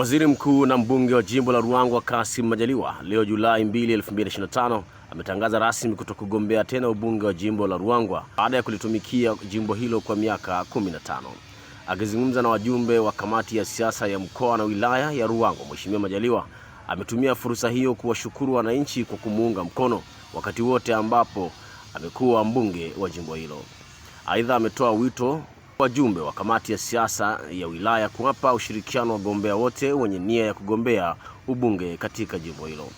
Waziri Mkuu na mbunge wa jimbo la Ruangwa Kassim Majaliwa leo Julai 2, 2025 ametangaza rasmi kutokugombea tena ubunge wa jimbo la Ruangwa baada ya kulitumikia jimbo hilo kwa miaka 15. Akizungumza na wajumbe wa kamati ya siasa ya mkoa na wilaya ya Ruangwa, Mheshimiwa Majaliwa ametumia fursa hiyo kuwashukuru wananchi kwa kumuunga mkono wakati wote ambapo amekuwa mbunge wa jimbo hilo. Aidha, ametoa wito Wajumbe wa kamati ya siasa ya wilaya kuwapa ushirikiano wagombea wote wenye nia ya kugombea ubunge katika jimbo hilo.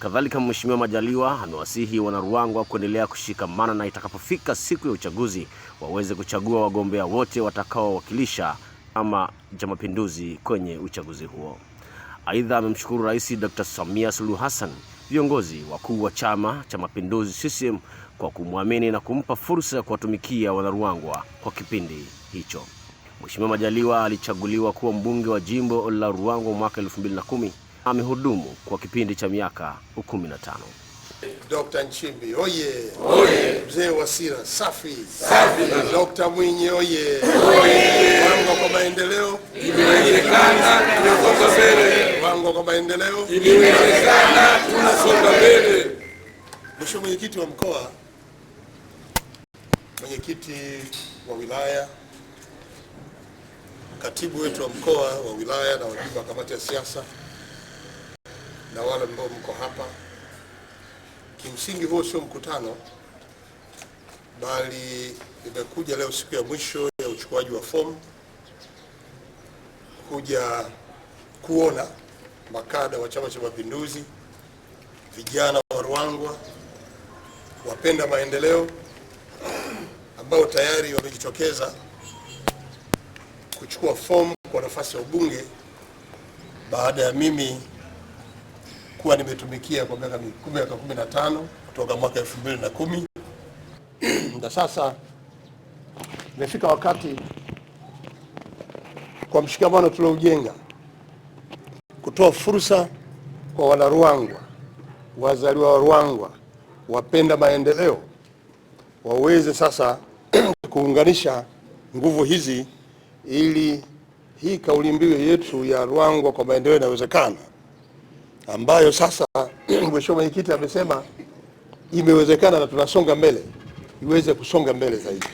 Kadhalika, Mheshimiwa Majaliwa amewasihi wanaruangwa kuendelea kushikamana na itakapofika siku ya uchaguzi waweze kuchagua wagombea wote watakaowakilisha Chama cha Mapinduzi kwenye uchaguzi huo. Aidha, amemshukuru Rais Dr. Samia Suluhu Hassan, viongozi wakuu wa Chama cha Mapinduzi CCM kwa kumwamini na kumpa fursa ya kuwatumikia wanaruangwa kwa kipindi hicho. Mheshimiwa Majaliwa alichaguliwa kuwa mbunge wa jimbo la Ruangwa mwaka 2010. Amehudumu kwa kipindi cha miaka 15. Dr. Nchimbi oye, oye. Mzee Wasira safi, safi. Dr. Mwinyi oye, oye. Ruangwa kwa maendeleo imewezekana, tunasonga mbele mpango kwa maendeleo imewezekana, tunasonga mbele. Mheshimiwa mwenyekiti wa mkoa, mwenyekiti wa wilaya, katibu wetu wa mkoa wa wilaya na wajumbe wa kamati ya siasa na wale ambao mko hapa, kimsingi huo sio mkutano, bali imekuja leo siku ya mwisho ya uchukuaji wa fomu kuja kuona makada wa Chama cha Mapinduzi, vijana wa Ruangwa, wapenda maendeleo ambao tayari wamejitokeza kuchukua fomu kwa nafasi ya ubunge baada ya mimi kuwa nimetumikia kwa miaka 15 kutoka mwaka 2010 na sasa imefika wakati kwa mshikamano tuloujenga kutoa fursa kwa wana Ruangwa, wazaliwa wa Ruangwa, wapenda maendeleo waweze sasa kuunganisha nguvu hizi ili hii kauli mbiu yetu ya Ruangwa kwa maendeleo inawezekana, ambayo sasa mheshimiwa mwenyekiti amesema imewezekana na tunasonga mbele, iweze kusonga mbele zaidi.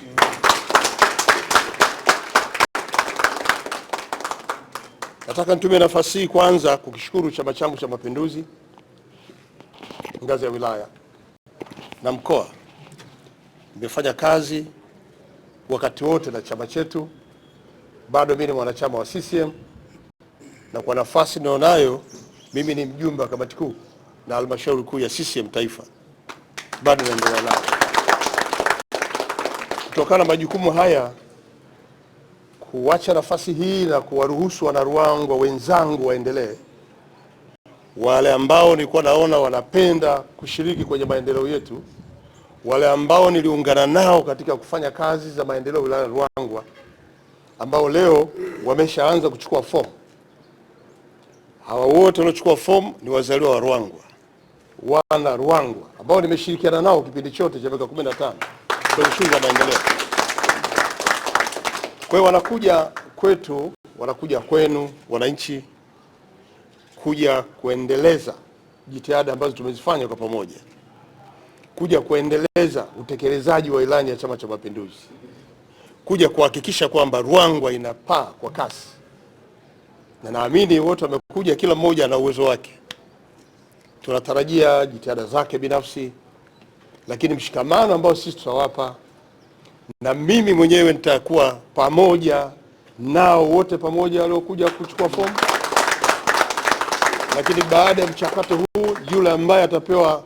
Nataka nitumie nafasi hii kwanza kukishukuru chama changu cha Mapinduzi ngazi ya wilaya na mkoa. Nimefanya kazi wakati wote na chama chetu, bado mimi ni mwanachama wa CCM na kwa nafasi ninayonayo mimi ni mjumbe wa kamati kuu na halmashauri kuu ya CCM taifa, bado naendelea nayo kutokana na majukumu haya kuacha nafasi hii na kuwaruhusu wanaruangwa wenzangu waendelee, wale ambao nilikuwa naona wanapenda kushiriki kwenye maendeleo yetu, wale ambao niliungana nao katika kufanya kazi za maendeleo wilaya Ruangwa, ambao leo wameshaanza kuchukua fomu. Hawa wote waliochukua fomu ni wazaliwa wa Ruangwa, wana Ruangwa ambao nimeshirikiana nao kipindi chote cha miaka 15 kwenye shughuli za maendeleo. Kwa hiyo wanakuja kwetu, wanakuja kwenu wananchi kuja kuendeleza jitihada ambazo tumezifanya kwa pamoja, kuja kuendeleza utekelezaji wa ilani ya Chama cha Mapinduzi, kuja kuhakikisha kwamba Ruangwa inapaa kwa kasi, na naamini wote wamekuja, kila mmoja na uwezo wake. Tunatarajia jitihada zake binafsi, lakini mshikamano ambao sisi tutawapa na mimi mwenyewe nitakuwa pamoja nao wote pamoja waliokuja kuchukua fomu. Lakini baada ya mchakato huu, yule ambaye atapewa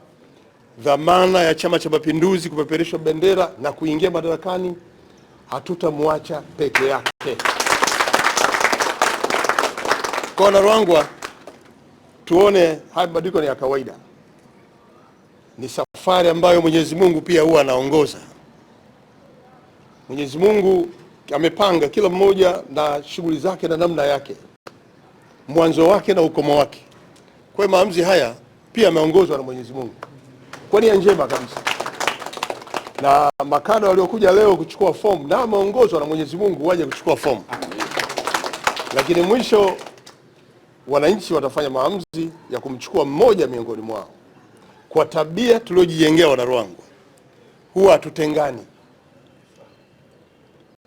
dhamana ya Chama cha Mapinduzi kupeperishwa bendera na kuingia madarakani, hatutamwacha peke yake. Kwa Wanarwangwa, tuone haya mabadiliko ni ya kawaida, ni safari ambayo Mwenyezi Mungu pia huwa anaongoza. Mwenyezi Mungu amepanga kila mmoja na shughuli zake na namna yake, mwanzo wake na ukomo wake. Kwa hiyo maamuzi haya pia yameongozwa na Mwenyezi Mungu kwa nia njema kabisa, na makada waliokuja leo kuchukua fomu na wameongozwa na Mwenyezi Mungu waje kuchukua fomu, lakini mwisho wananchi watafanya maamuzi ya kumchukua mmoja miongoni mwao. Kwa tabia tuliojijengea wana Ruangwa, huwa hatutengani.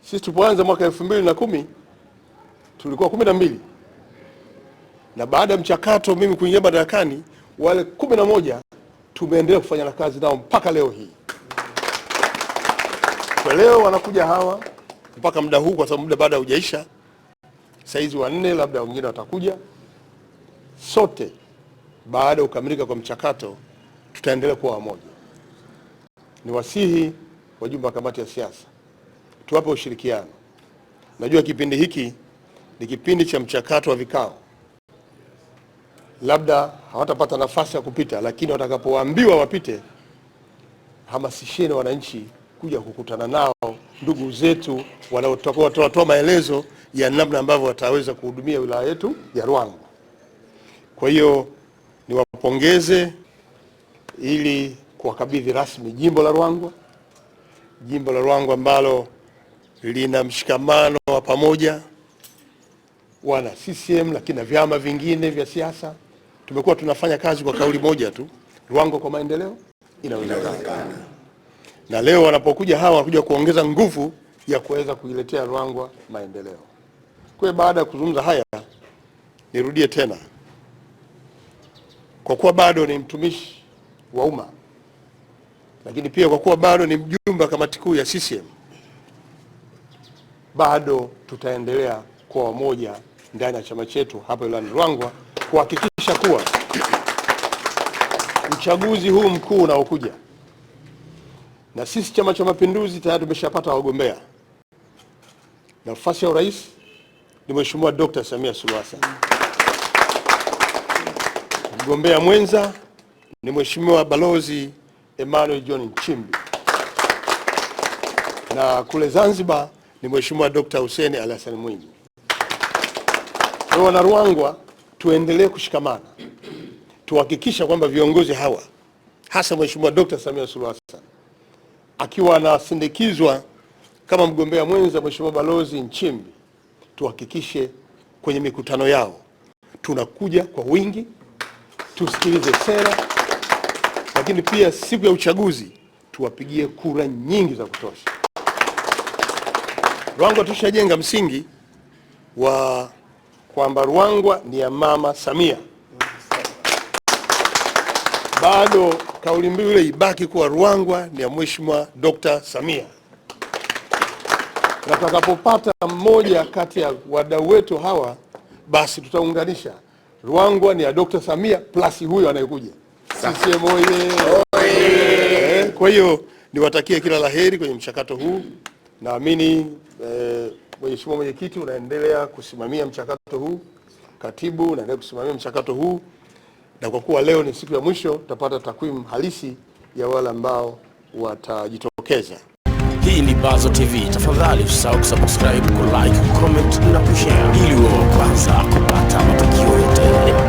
Sisi tulipoanza mwaka elfu mbili na kumi tulikuwa kumi na mbili na baada ya mchakato mimi kuingia madarakani wale kumi na moja tumeendelea kufanya na kazi nao mpaka leo hii. Kwa leo wanakuja hawa mpaka muda huu, kwa sababu muda baada haujaisha, saizi wanne, labda wengine watakuja. Sote baada ya kukamilika kwa mchakato tutaendelea kuwa wamoja. Ni wasihi wajumbe wa kamati ya siasa tuwape ushirikiano. Najua kipindi hiki ni kipindi cha mchakato wa vikao, labda hawatapata nafasi ya kupita, lakini watakapoambiwa wapite, hamasisheni wananchi kuja kukutana nao, ndugu zetu wanaotoa maelezo ya namna ambavyo wataweza kuhudumia wilaya yetu ya Ruangwa. Kwa hiyo niwapongeze ili kuwakabidhi rasmi jimbo la Ruangwa, jimbo la Ruangwa ambalo lina mshikamano wa pamoja wana CCM lakini na vyama vingine vya siasa. Tumekuwa tunafanya kazi kwa kauli moja tu, Ruangwa kwa maendeleo inawezekana. Na leo wanapokuja hawa wanakuja kuongeza nguvu ya kuweza kuiletea Ruangwa maendeleo. Kwa baada ya kuzungumza haya, nirudie tena, kwa kuwa bado ni mtumishi wa umma, lakini pia kwa kuwa bado ni mjumbe wa kamati kuu ya CCM bado tutaendelea kwa wamoja ndani ya chama chetu hapa wilayani Ruangwa kuhakikisha kuwa uchaguzi huu mkuu unaokuja, na sisi Chama cha Mapinduzi tayari tumeshapata wagombea. Nafasi ya urais ni Mheshimiwa Dr. Samia Suluhu Hassan, mgombea mwenza ni Mheshimiwa Balozi Emmanuel John Nchimbi, na kule Zanzibar ni Mheshimiwa Dkt. Hussein Ali Hassan Mwinyi. Kwa wana Ruangwa, tuendelee kushikamana, tuhakikisha kwamba viongozi hawa hasa Mheshimiwa Dkt. Samia Suluhu Hassan akiwa anasindikizwa kama mgombea mwenza Mheshimiwa Balozi Nchimbi, tuhakikishe kwenye mikutano yao tunakuja kwa wingi, tusikilize sera, lakini pia siku ya uchaguzi tuwapigie kura nyingi za kutosha. Ruangwa tushajenga msingi wa kwamba Ruangwa ni ya Mama Samia. Bado kauli mbiu ile ibaki kuwa Ruangwa ni ya Mheshimiwa Dr. Samia, na tutakapopata mmoja kati ya wadau wetu hawa, basi tutaunganisha Ruangwa ni ya Dr. Samia plus huyo anayekuja. CCM oye! Eh, kwa hiyo niwatakie kila laheri kwenye mchakato huu. Naamini eh, mheshimiwa eh, Mwenyekiti, unaendelea kusimamia mchakato huu, katibu unaendelea kusimamia mchakato huu, na kwa kuwa leo ni siku ya mwisho, tutapata takwimu halisi ya wale ambao watajitokeza. Hii ni Bazo TV, tafadhali usisahau kusubscribe, kulike, comment na kushare ili uwe wa kwanza kupata matukio yote.